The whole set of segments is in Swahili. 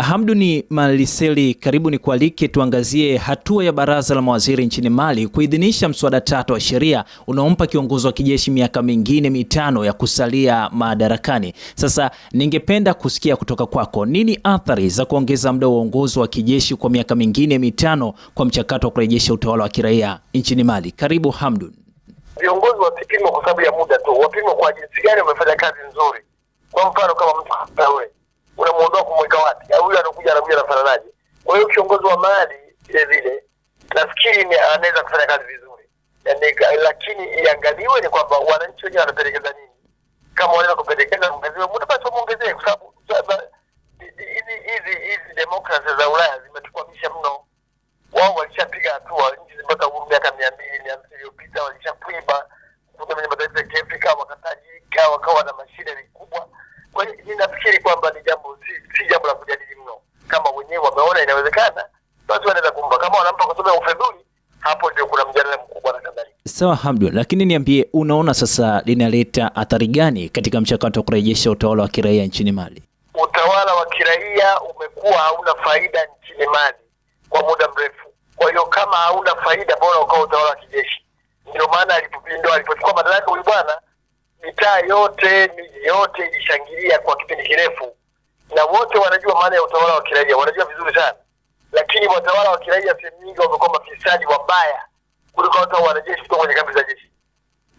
Hamduni Maliseli, karibu ni kualike tuangazie hatua ya baraza la mawaziri nchini Mali kuidhinisha mswada tatu wa sheria unaompa kiongozi wa kijeshi miaka mingine mitano ya kusalia madarakani. Sasa ningependa kusikia kutoka kwako, nini athari za kuongeza muda wa uongozi wa kijeshi kwa miaka mingine mitano kwa mchakato wa kurejesha utawala wa kiraia nchini Mali? Karibu Hamdun. Viongozi wapimwe kwa sababu ya muda tu, wapimwe kwa jinsi gani wamefanya kazi nzuri. Kwa mfano kama mtu unamuondoa kumweka wapi? Huyu anakuja anakuja anafananaje? Kwa hiyo kiongozi wa mali vile vile nafikiri anaweza kufanya kazi vizuri yani, lakini iangaliwe ni kwamba wananchi wenyewe wanapendekeza nini. Kama wanaweza kupendekeza ongezewe muda, basi wamwongezee, kwa sababu hizi hizi hizi demokrasia za Ulaya zimetukwamisha mno. Wao walishapiga Sawa Hamdun, lakini niambie, unaona sasa linaleta athari gani katika mchakato wa kurejesha utawala wa kiraia nchini Mali? Utawala wa kiraia umekuwa hauna faida nchini Mali kwa muda mrefu. Kwa hiyo kama hauna faida, bora ukawa utawala wa kijeshi. Ndio maana alipoindoa, alipochukua madaraka huyu bwana, mitaa yote, miji yote ilishangilia kwa kipindi kirefu, na wote wanajua maana ya utawala wa kiraia, wanajua vizuri sana, lakini watawala wa kiraia sehemu nyingi wamekuwa mafisadi wabaya kuliko watu au wanajeshi kutoka kwenye kambi za jeshi.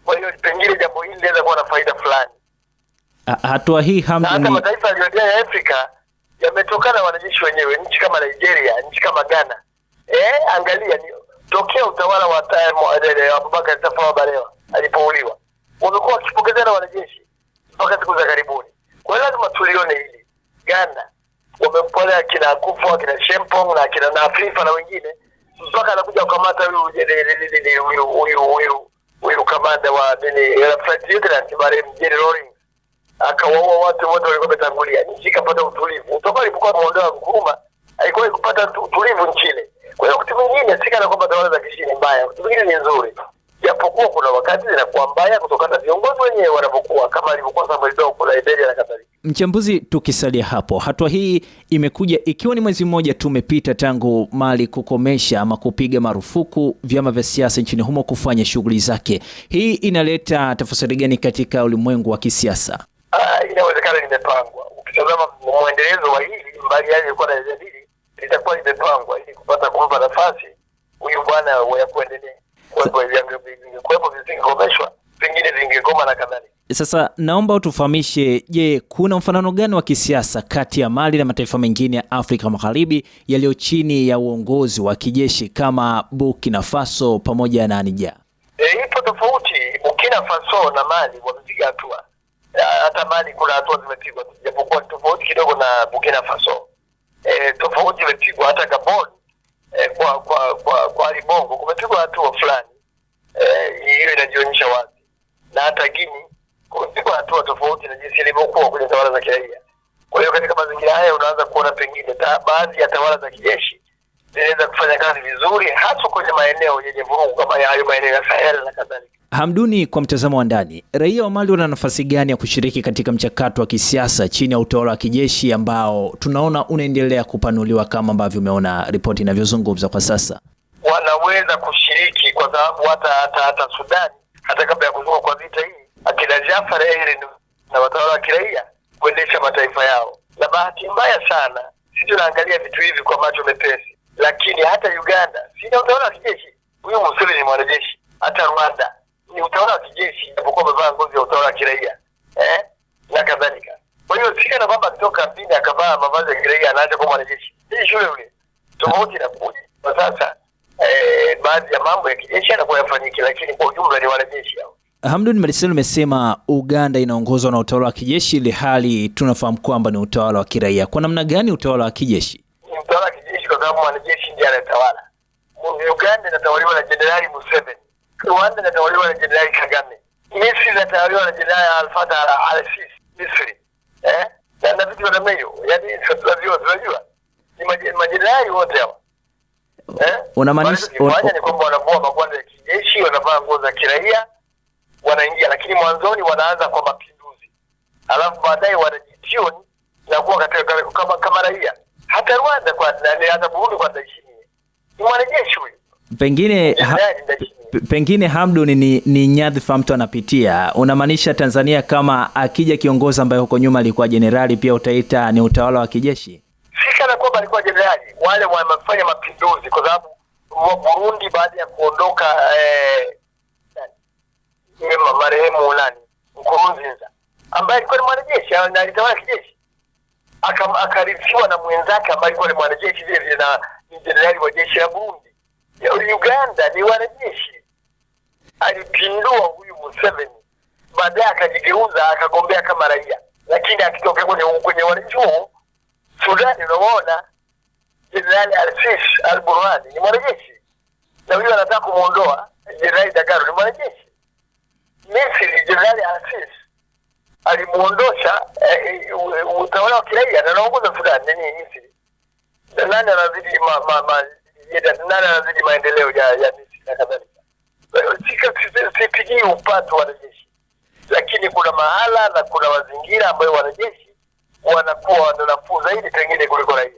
Kwa hiyo pengine jambo hili linaweza kuwa na faida fulani. Hatua hii hamna hata mataifa yaliyoendelea ya Afrika yametokana na wanajeshi wenyewe, nchi kama Nigeria, nchi kama Ghana. E, angalia ni tokea utawala wa Abubakar Tafawa Balewa alipouliwa, wamekuwa wakipokezana wanajeshi mpaka siku za karibuni. Kwa hiyo lazima tulione hili. Ghana wamepolea kina Akufo, kina Shempong na kina Nafrifa na wengine mpaka anakuja kukamata huyu kamanda wa yote akawaua watu wote walikuwa wametangulia, nchi ikapata utulivu. Toka alipokuwa ameondoa Nkrumah alikuwa kupata utulivu nchini. Kwa hiyo kitu mwingine sikana kwamba tawala za kishini mbaya, kitu mingine ni nzuri japokuwa kuna wakati zinakuwa mbaya kutokana na viongozi wenyewe wanavyokuwa, kama alivyokuwa Samuel Doe kwa Liberia na kadhalika. Mchambuzi, tukisalia hapo, hatua hii imekuja ikiwa ni mwezi mmoja tu umepita tangu Mali kukomesha ama kupiga marufuku vyama vya siasa nchini humo kufanya shughuli zake. Hii inaleta tafsiri gani katika ulimwengu wa kisiasa? Ah, inawezekana limepangwa. Ukitazama mwendelezo wa hili mbali yalikuwa na hili litakuwa limepangwa ili kupata kumpa nafasi huyu bwana wa kuendelea vingekuwepo visingegomeshwa, vingine vingegoma na kadhalika. Sasa naomba utufahamishe, je, kuna mfanano gani wa kisiasa kati ya Mali na mataifa mengine ya Afrika Magharibi yaliyo chini ya uongozi wa kijeshi kama Burkina Faso pamoja na Nija? E, ipo tofauti. Burkina Faso na Mali wamepiga hatua, hata Mali kuna hatua zimepigwa, japokuwa tofauti kidogo na Burkina Faso. E, tofauti imepigwa hata Gabon, e, kwa kwa kwa kwa Ali Bongo kumepigwa hatua fulani Eh, hiyo inajionyesha wazi na hata Gini kulipigwa hatua tofauti na jinsi ilivyokuwa kwenye tawala za kiraia. Kwa hiyo katika mazingira haya unaanza kuona pengine baadhi ya tawala za kijeshi zinaweza kufanya kazi vizuri, hasa kwenye maeneo yenye vurugu kama hayo maeneo ya Sahel na kadhalika. Hamduni, kwa mtazamo wa ndani, raia wa Mali wana nafasi gani ya kushiriki katika mchakato wa kisiasa chini ya utawala wa kijeshi ambao tunaona unaendelea kupanuliwa kama ambavyo umeona ripoti inavyozungumza kwa sasa? wanaweza kushiriki, kwa sababu hata hata hata Sudani hata kabla ya kuzuka kwa vita hii akina Jafar Eire na watawala wa kiraia kuendesha mataifa yao. Na bahati mbaya sana sisi tunaangalia vitu hivi kwa macho mepesi, lakini hata Uganda sina utawala wa kijeshi. Huyu Museveni ni mwanajeshi. Hata Rwanda ni utawala wa kijeshi, japokuwa amevaa ngozi ya utawala wa kiraia eh, na kadhalika. Kwa hiyo sikana kwamba kutoka dini akavaa mavazi ya kiraia anaacha kuwa mwanajeshi, hii shule ule tofauti inakuja kwa sasa Eh, baadhi ya mambo ya kijeshi yanakuwa yafanyiki, lakini kwa ujumla ni wanajeshi hao. Hamdun Marisel umesema Uganda inaongozwa na utawala wa kijeshi, ili hali tunafahamu kwamba ni utawala wa kiraia. Kwa namna gani utawala wa kijeshi? Ni utawala wa kijeshi kwa sababu wanajeshi ndiye anatawala. Uganda inatawaliwa na Jenerali Museveni, Rwanda inatawaliwa na Jenerali Kagame, Misri inatawaliwa na Jenerali Al-Fatah Al-Sisi Misri, eh na vitu kama hivyo, yaani tunajua tunajua ni majenerali wote hawa Eh? Unamaanisha ni kwamba wanavua magwanda ya kijeshi, wanavaa nguo za kiraia, wanaingia, lakini mwanzoni wanaanza kwa mapinduzi, alafu baadaye wanajitioni na kuwa katika kama, kama raia. Hata Rwanda kwa hata Burundi kwa Ndayishimiye ni mwanajeshi huyo pengine ha, pengine Hamdun ni, ni nyadhifa mtu anapitia. Unamaanisha Tanzania kama akija kiongozi ambaye huko nyuma alikuwa jenerali, pia utaita ni utawala wa kijeshi? Sika na kwamba alikuwa jenerali wale wamefanya mapinduzi, kwa sababu Burundi baada ya kuondoka eh, marehemu nani Nkurunziza ambaye alikuwa ni mwanajeshi na alitawala kijeshi, akarithiwa na mwenzake ambaye alikuwa ni mwanajeshi vile vile na jenerali wa jeshi la Burundi. Uganda ni wanajeshi, alipindua huyu Museveni, baadaye akajigeuza akagombea kama raia, lakini akitokea kwenye kwenye wanachuo Sudani, unamwona Jenerali Al-Sisi Al-Burhani ni mwanajeshi, na huyo anataka kumwondoa Jenerali Dagalo, ni mwanajeshi. Misri, Jenerali Al-Sisi alimuondosha eh, eh, utawala wa kiraia, na anaongoza Sudani nini Misri. Nani anazidi ma, ma, ma, nani anazidi maendeleo ya Misri na kadhalika? Sipigii upatu wanajeshi, lakini kuna mahala na kuna mazingira ambayo wanajeshi wanakuwa na nafuu zaidi pengine kuliko raia,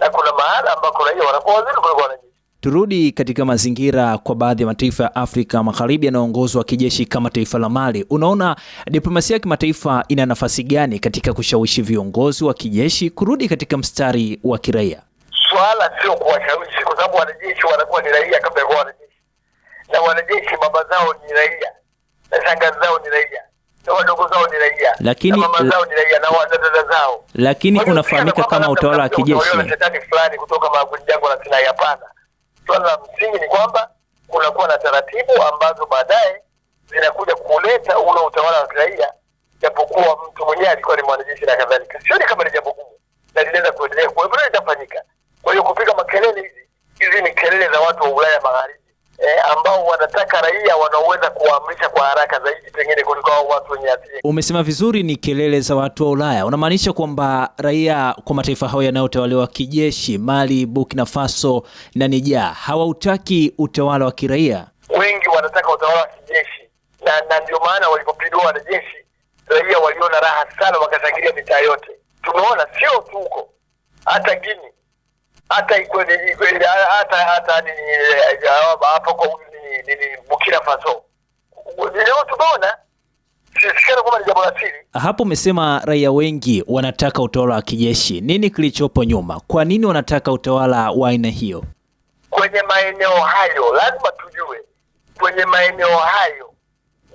na kuna mahala ambako raia wanakuwa waziri kuliko wanajeshi. Turudi katika mazingira kwa baadhi ya mataifa ya Afrika Magharibi yanayoongozwa kijeshi kama taifa la Mali. Unaona diplomasia ya kimataifa ina nafasi gani katika kushawishi viongozi wa kijeshi kurudi katika mstari wa kiraia? Swala sio kuwashawishi, kwa sababu wanajeshi wanakuwa ni raia kabla ya kuwa wanajeshi, na wanajeshi baba zao ni raia na shangazi zao ni raia wadogo zao ni raia, lakini na mama zao ni raia na wadada zao. Lakini unafahamika kama utawala wa kijeshi shetani fulani kutoka magunjango na Sinai. Hapana, swala la msingi ni kwamba kunakuwa na taratibu ambazo baadaye zinakuja kuleta ule utawala wa kiraia, japokuwa mtu mwenyewe alikuwa ni mwanajeshi na kadhalika. Sioni kama ni jambo gumu na linaweza kuendelea, kwa hivyo litafanyika. Kwa hiyo kupiga makelele hizi hizi ni kelele za watu wa Ulaya Magharibi eh, ambao wanataka raia wanaoweza kuwaamrisha kwa haraka zaidi kwa watu wenye asili. Umesema vizuri, ni kelele za watu wa Ulaya. Unamaanisha kwamba raia kwa mataifa hayo yanayotawaliwa kijeshi, Mali, Burkina Faso na Niger, hawautaki utawala wa kiraia. Wengi wanataka utawala wa kijeshi, na ndio maana walipopindua wanajeshi, raia waliona raha sana, wakashangilia mitaa yote. Tumeona sio tu huko, hata Gini, hata hata hata eh, eh, hapo kwa Burkina Faso leo tumeona tulifikiria kwamba ni jambo la siri. Hapo umesema raia wengi wanataka utawala wa kijeshi, nini kilichopo nyuma? Kwa nini wanataka utawala wa aina hiyo? Kwenye maeneo hayo lazima tujue, kwenye maeneo hayo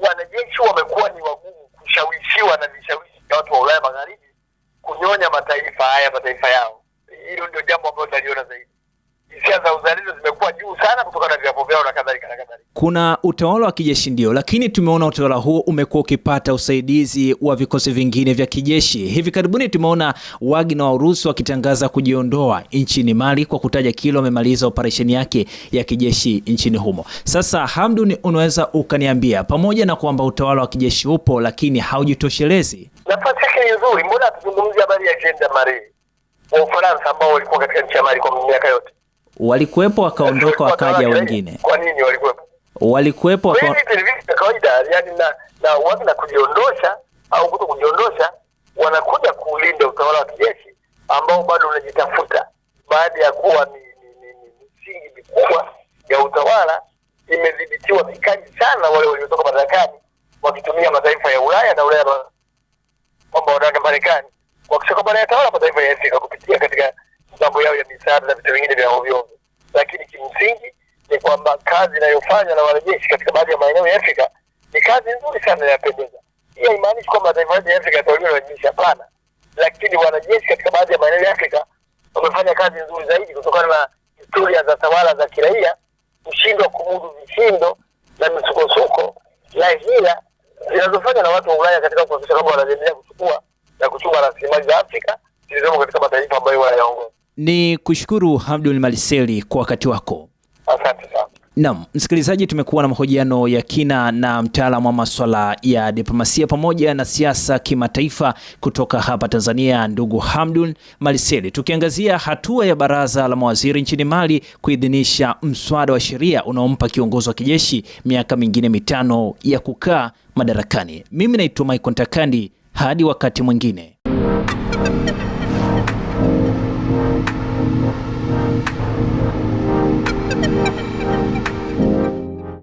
wanajeshi wamekuwa ni wagumu kushawishiwa na vishawishi vya watu wa Ulaya Magharibi kunyonya mataifa haya mataifa yao. Hilo ndio jambo ambalo naliona zaidi hisia za uzalendo zimekuwa juu sana kutokana na viapo vyao na kadhalika na kadhalika. Kuna utawala wa kijeshi ndio, lakini tumeona utawala huo umekuwa ukipata usaidizi wa vikosi vingine vya kijeshi. Hivi karibuni tumeona Wagner wa Urusi wakitangaza kujiondoa nchini Mali kwa kutaja kile wamemaliza operesheni yake ya kijeshi nchini humo. Sasa Hamdun, unaweza ukaniambia, pamoja na kwamba utawala wa kijeshi upo, lakini haujitoshelezi, nafasi yake ni nzuri. Mbona hatuzungumzi habari ya Jean Marais wa Ufaransa ambao walikuwa katika nchi ya Mali kwa miaka yote? walikuwepo wakaondoka, wakaja wengine. Kwa nini walikuwepo? Walikuwepo ya kawaida yani na, na watu na kujiondosha au kuto kujiondosha, wanakuja kuulinda utawala wa kijeshi ambao bado unajitafuta baada ya kuwa misingi mikubwa ya utawala imedhibitiwa vikali sana, wale waliotoka madarakani wakitumia mataifa ya Ulaya na Ulaya kwamba wanataka Marekani baada ya tawala mataifa ya Afrika kupitia katika mambo yao ya misaada na vitu vingine vya ovyo, lakini kimsingi ni kwamba kazi inayofanywa na wanajeshi katika baadhi ya maeneo ya Afrika ni kazi nzuri sana, inayopendeza. Hiyo haimaanishi kwamba mataifa ya Afrika yatawaliwa na wanajeshi, hapana, lakini wanajeshi katika baadhi ya maeneo ya Afrika wamefanya kazi nzuri zaidi kutokana na historia za tawala za kiraia kushindwa kumudu vishindo na misukosuko na hila zinazofanywa na watu wa Ulaya katika kuhakikisha kwamba wanaendelea kuchukua na kuchuma rasilimali za Afrika zilizomo katika mataifa ambayo wanayaongoza. Ni kushukuru Abdul Maliseli kwa wakati wako. Asante Naam, msikilizaji, tumekuwa na mahojiano ya kina na mtaalamu wa masuala ya diplomasia pamoja na siasa kimataifa kutoka hapa Tanzania, ndugu Hamdun Maliseli, tukiangazia hatua ya baraza la mawaziri nchini Mali kuidhinisha mswada wa sheria unaompa kiongozi wa kijeshi miaka mingine mitano ya kukaa madarakani. Mimi naitwa Mike Ntakandi, hadi wakati mwingine.